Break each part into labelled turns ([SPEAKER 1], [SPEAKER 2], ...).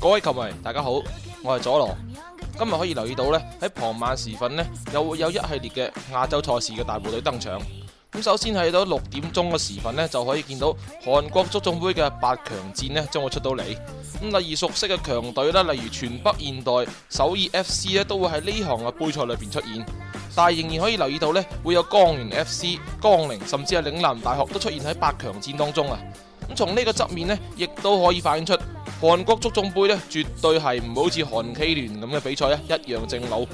[SPEAKER 1] 各位球迷，大家好，我係佐羅。今日可以留意到呢，喺傍晚時分呢又會有一系列嘅亞洲賽事嘅大部隊登場。咁首先喺到六點鐘嘅時分呢就可以見到韓國足總杯嘅八強戰呢將會出到嚟。咁例如熟悉嘅強隊啦，例如全北現代、首爾 FC 呢，都會喺呢行嘅杯賽裏邊出現。但係仍然可以留意到呢，會有江原 FC、江陵，甚至係嶺南大學都出現喺八強戰當中啊！咁，從呢個側面呢，亦都可以反映出韓國足總杯呢，絕對係唔好似韓 K 聯咁嘅比賽啊，一樣正路。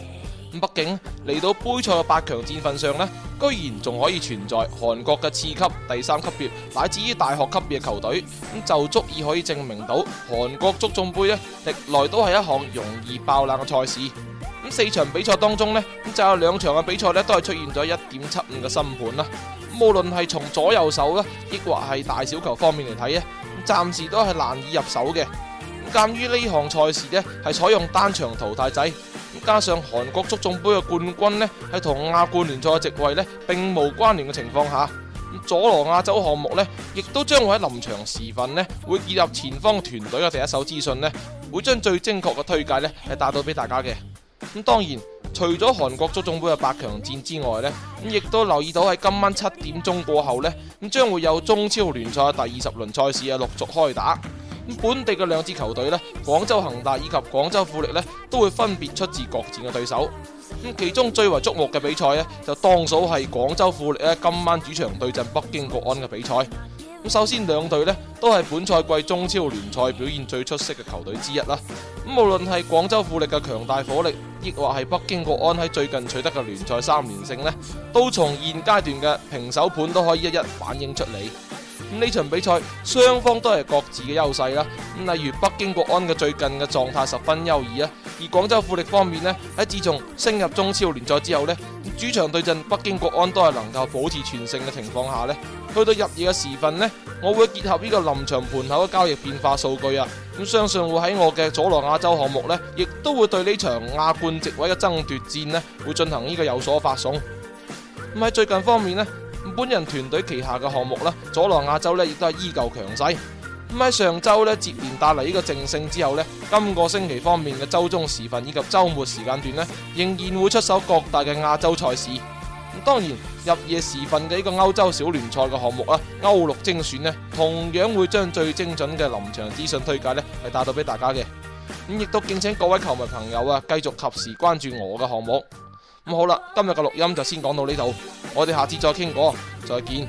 [SPEAKER 1] 畢竟嚟到杯賽嘅八強戰份上呢，居然仲可以存在韓國嘅次級、第三級別乃至於大學級別嘅球隊，咁就足以可以證明到韓國足總杯呢，歷來都係一項容易爆冷嘅賽事。咁四場比賽當中呢，咁就有兩場嘅比賽呢，都係出現咗一點七五嘅新盤啦。無論係從左右手啦，亦或係大小球方面嚟睇呢，暫時都係難以入手嘅。鑒於呢項賽事呢，係採用單場淘汰制，加上韓國足總杯嘅冠軍呢，係同亞冠聯賽嘅席位呢並無關聯嘅情況下，咁佐羅亞洲項目呢，亦都將會喺臨場時份呢，會建立前方團隊嘅第一手資訊呢，會將最精確嘅推介呢，係帶到俾大家嘅。咁當然，除咗韓國足總盃嘅八強戰之外呢，咁亦都留意到喺今晚七點鐘過後呢，咁將會有中超聯賽第二十輪賽事啊，陸續開打。本地嘅兩支球隊呢，廣州恆大以及廣州富力呢，都會分別出自各戰嘅對手。咁其中最為矚目嘅比賽呢，就當數係廣州富力咧，今晚主場對陣北京國安嘅比賽。首先，兩隊呢都係本賽季中超聯賽表現最出色嘅球隊之一啦。咁無論係廣州富力嘅強大火力，亦或係北京國安喺最近取得嘅聯賽三連勝呢，都從現階段嘅平手盤都可以一一反映出嚟。咁呢場比賽，雙方都係各自嘅優勢啦。咁例如北京國安嘅最近嘅狀態十分優異啊，而廣州富力方面呢，喺自從升入中超聯賽之後呢。主場對陣北京國安都係能夠保持全勝嘅情況下呢，去到入夜嘅時分呢，我會結合呢個臨場盤口嘅交易變化數據啊，咁相信會喺我嘅佐羅亞洲項目呢亦都會對呢場亞冠席位嘅爭奪戰呢會進行呢個有所發送。咁喺最近方面呢，本人團隊旗下嘅項目呢佐羅亞洲呢亦都係依舊強勢。咁喺上周咧接連帶嚟呢個正勝之後呢，今個星期方面嘅周中時分以及周末時間段呢仍然會出手各大嘅亞洲賽事。咁當然入夜時分嘅一個歐洲小聯賽嘅項目啊，歐陸精選呢同樣會將最精準嘅臨場資訊推介呢係帶到俾大家嘅。咁亦都敬請各位球迷朋友啊，繼續及時關注我嘅項目。咁好啦，今日嘅錄音就先講到呢度，我哋下次再傾過，再見。